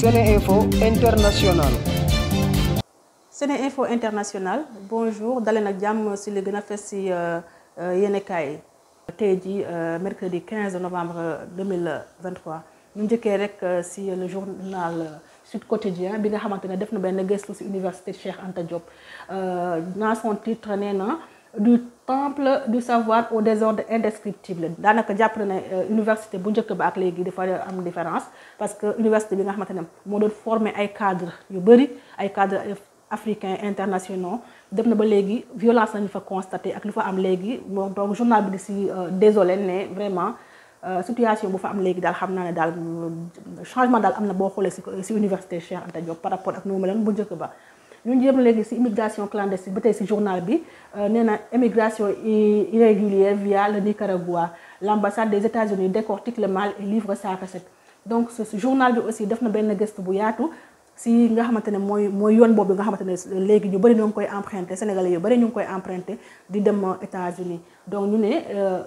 Sénéinfo International. Sénéinfo International bonjour daleen ak jàmm si li gën a fes si euh, euh, yéenekaay yi. tey jii euh, mercredi 15 novembre 2023 ñu njëkkee rek si le journal Sud Quotidien bi nga xamante ne def na benn gistu si université Cheikh ante Diop dans son titre nee temple du savoir au désordre indescriptible daanaka jàpp na ne euh, université bu njëkk ba ak léegi dafa am différence parce que université bi nga xamante ne moo doon former ay cadre yu bëri ay cadre africains internationaux dem na ba léegi violence lañu fa constaté ak lu fa am léegi moom donc journal bi di si euh, désolé ne vraiment euh, situation bu fa am léegi daal xam naa ne daal changement daal am na boo xoolee si si université Cheikh Anta Diop par rapport ak ñu jëm léegi ci immigration clandestine ba tey ci journal bi euh, nee na immigration irrégulière via le Nicaragua l'ambassade des États-Unis décortique le mal et livre sa recette donc ce journal bi aussi def na benn gëstu bu yaatu si nga xamante ne mooy mooy yoon boobu nga xamante ne léegi ñu bëri ñu ngi koy emprunté sénégal yu bëri ñu ngi koy emprunté di dem États-Unis donc ñu ne euh,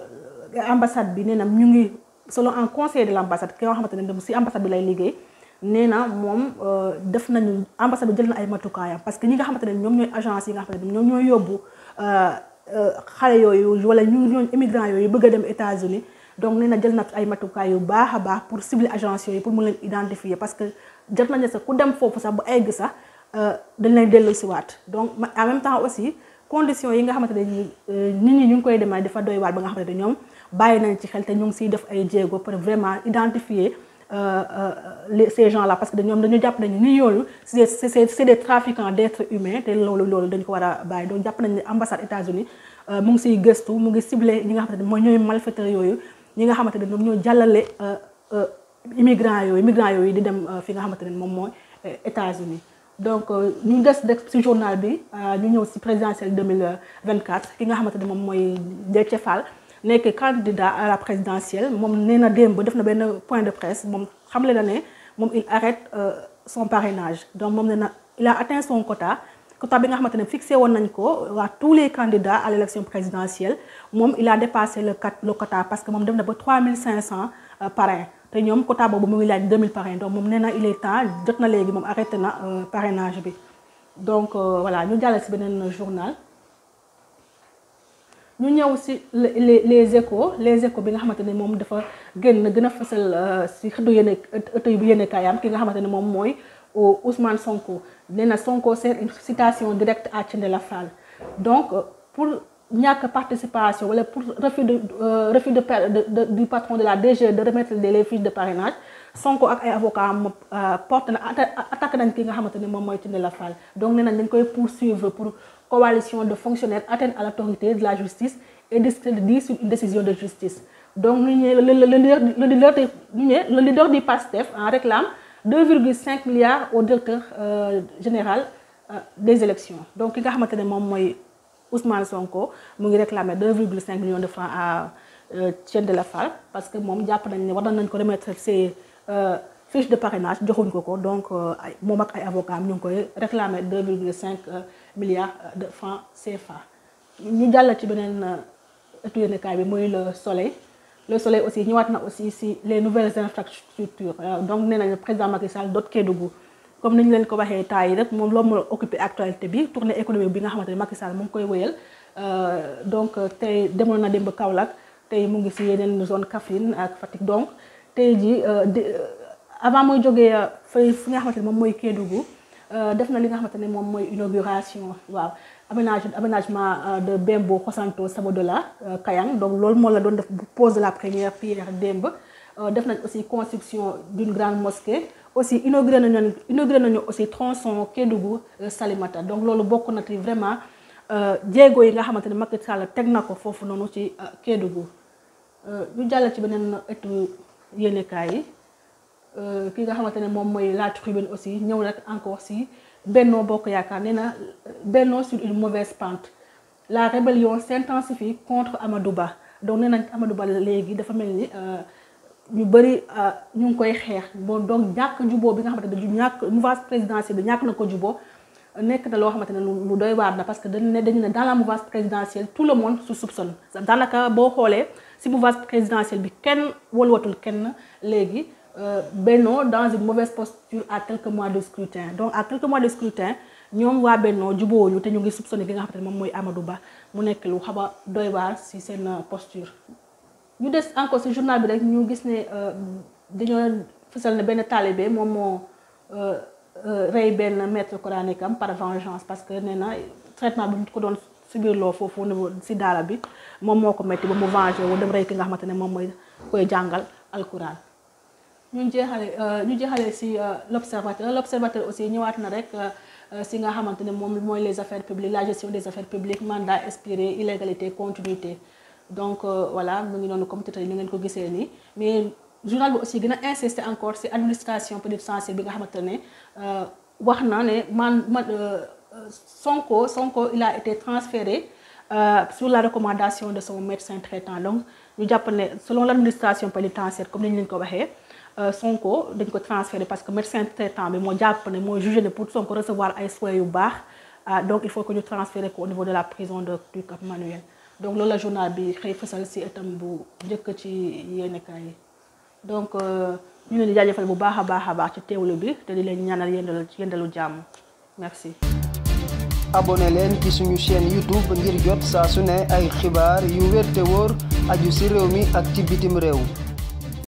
ambassade bi nee na ñu ngi selon un conseil de l'ambassade ki nga xamante ne dem si ambassade bi lay liggéey nee na moom euh, def nañu ambassade bi jël na ay matukaayam parce que ñi nga xamante ne ñoom ñooy agence yi nga xamante ne ñoom ñooy yóbbu euh, euh, yooyu wala ñu ñooñu immigrants yooyu bëgg a dem États-Unis donc nee na jël na ay matukaay yu baax a baax pour cibler agence yooyu mun leen identifier parce que jot nañu sax ku dem foofu sax bu egg sax dañ leen dellu si waat en même temps aussi conditions yi nga xamante ne nit ñi ñu ngi koy demee dafa doy waar ba nga xamante ne ñoom bàyyi nañ ci xel te ñu ngi siy def ay jéego pour vraiment identifier. Euh, euh, les ces gens là parce que ñoom dañu jàpp nañu ni ñooñu c'est c'est c'est des trafiquants d'êtres humains te loolu loolu dañ ko war a bàyyi donc jàpp nañu ne ambassade États-Unis euh, mu ngi siy gëstu mu ngi ciblé ñi nga xamante ne mooy ñooy malfaiteurs yooyu ñi nga xamante ne ñoom ñoo jàllale immigrants yooyu immigrants yooyu di dem fi nga xamante ne moom mooy États-Unis donc ñu des rek ci journal bi ñu ñëw ci présidentielle 2024 ki nga xamante ne moom mooy Déthié Fall nekk candidat à la présidentielle moom nee na démb def na benn point de presse moom xamle na ne moom il arrête euh, son parrainage donc moom nee na il a atteint son quota bi nga xamante ne fixé woon nañ ko waa tous les candidats à l' élection présidentielle moom il a dépassé le cat le quota parce que moom def na ba 3500 euh, parrains te ñoom quota boobu mu ngi laaj 2000 parrains donc moom nee na il est temps jot na léegi moom arrêté na euh, parrainage bi donc voilà ñu jàllale si beneen journal. ñu ñëw si les les échos les échos bi nga xamante ne moom dafa génn gën a fësal euh, si xëtu yenn ëttu yenn kaayam ki nga xamante ne moom mooy euh, Ousmane Sonko nee na Sonko c'est une citation directe à Thiendella Fall donc pour ñàkk participation wala pour refus de euh, refus de du patron de la DG de remettre les fiches de parrainage. Sonko ak ay avocat am euh, porte na attaque nañ ki nga xamante ne moom mooy Tine la Fall donc nee nañ dañ koy poursuivre pour coalition de fonctionnaires atteinte à l'autorité de la justice et discrédit sur une décision de justice donc ñu ne le leader ñu ne le leader du PASTEF en réclame 2,5 milliards au directeur euh, général euh, des élections donc ki nga xamante ne moom mooy Ousmane Sonko mu ngi réclamer 2,5 millions de francs à Tiendela Fall parce que moom jàpp nañ ne war nañ ko remetr Euh, fiche de parrainage joxuñ ko ko donc euh, ay moom ak ay avocat am ñu ngi koy réclamer deux virgule cinq euh, milliards de francs CFA. ñu jàll ci beneen ëttu yéenekaay bi muy le soleil le soleil aussi ñëwaat na aussi si les nouvelles infrastructures donc nee nañu président Macky Sall dot Kédougou comme ni ñu leen ko waxee taay yi rek moom loolu moo occupé actualité bi tournée économique bi nga xamante ne Macky Sall mu ngi koy wéyal donc tey demoon na démb Kaolack tey mu ngi si yeneen zone Kaffrine ak Fatick donc. tey jii euh, euh, avant mooy jógee euh, fay fi nga xamante ne moom mooy Kédougou def na li nga xamante ne moom mooy inauguration waaw aménage aménagement de Bembo Xosanto Sabodola Kayang donc loolu moo la doon def pose de la première pierre démb def nañ aussi construction d'une grande mosquée aussi inauguré nañu inauguré nañu aussi tronçon Kédougou Salimata donc loolu bokk na ci vraiment jéego yi nga xamante ne Macky Sall teg na ko foofu noonu ci Kédougou ñu jàll ci beneen yéenekaay yi euh, ki nga xamante ne moom mooy La Tribune aussi ñëw nag encore si Benno Bokk Yaakaar nee na Benno sur une mauvaise pente la rébellion s'intensifie contre Amadou Ba donc nee nañ Amadou Ba léegi dafa mel ni euh, ñu bëri euh, ñu ngi koy xeex boo donc ñàkk juboo bi nga xamante ne du ñàkk mouvance présidentielle bi ñàkk na ko juboo nekk na loo xamante ne lu doy waar na parce que dañu ne dañu ne dans la mouvance présidentielle tout le monde se soupçonne daanaka boo xoolee si mouvance présidentielle bi kenn walwatul kenn léegi euh, Benno dans une mauvaise posture à quelques mois de scrutin donc à quelques mois de scrutin ñoom waa Benno jubóowuñu te ñu ngi soupçonné gi nga xamante ne moom mooy Amadou Ba mu nekk lu xaw a doy waar si seen euh, posture. ñu des encore si journal bi rek ñu gis ne euh, dañoo fësal ne moom moo. Euh, rey benn maître coranique am par vengeance parce que nee na traitement bi mu ko doon subir loo foofu au niveau si daara bi moom moo ko métti ba mu vengé wu dem rey ki nga xamante ne moom mooy koy jàngal alquran. ñu jeexale euh, ñu jeexale si euh, l' observateur l' observateur aussi ñëwaat na rek si nga xamante ne moom mooy les affaires publiques la gestion des affaires publiques mandat expiré illégalité continuité donc voilà mu ngi noonu comme tey ngeen ko gisee nii mais. journal bi aussi gën a encore ci administration peut-être censée bi nga xamante ne euh, wax naa ne man man euh, Sonko Sonko il a été transféré euh, sur la recommandation de son médecin traitant donc ñu jàpp ne selon l'administration pénitentiaire comme ni ñu leen ko waxee euh, Sonko dañ ko transféré parce que médecin traitant bi moo jàpp ne moo jugé ne pour Sonko recevoir ay soins yu baax donc il faut que ñu transféré ko au niveau de la prison de du Cap Manuel donc loolu la journal bi xëy fësal ci itam bu njëkk ci yéenekaay yi. donc euh, ñu leen di jaajëfal bu baax a baax a baax ci teewlu bi te di leen ñaanal yendalu yendalu jàmm merci. abonné leen ci suñu chaîne YouTube ngir jot saa su ne ay xibaar yu wér wóor aju ci réew mi ak ci bitim réew.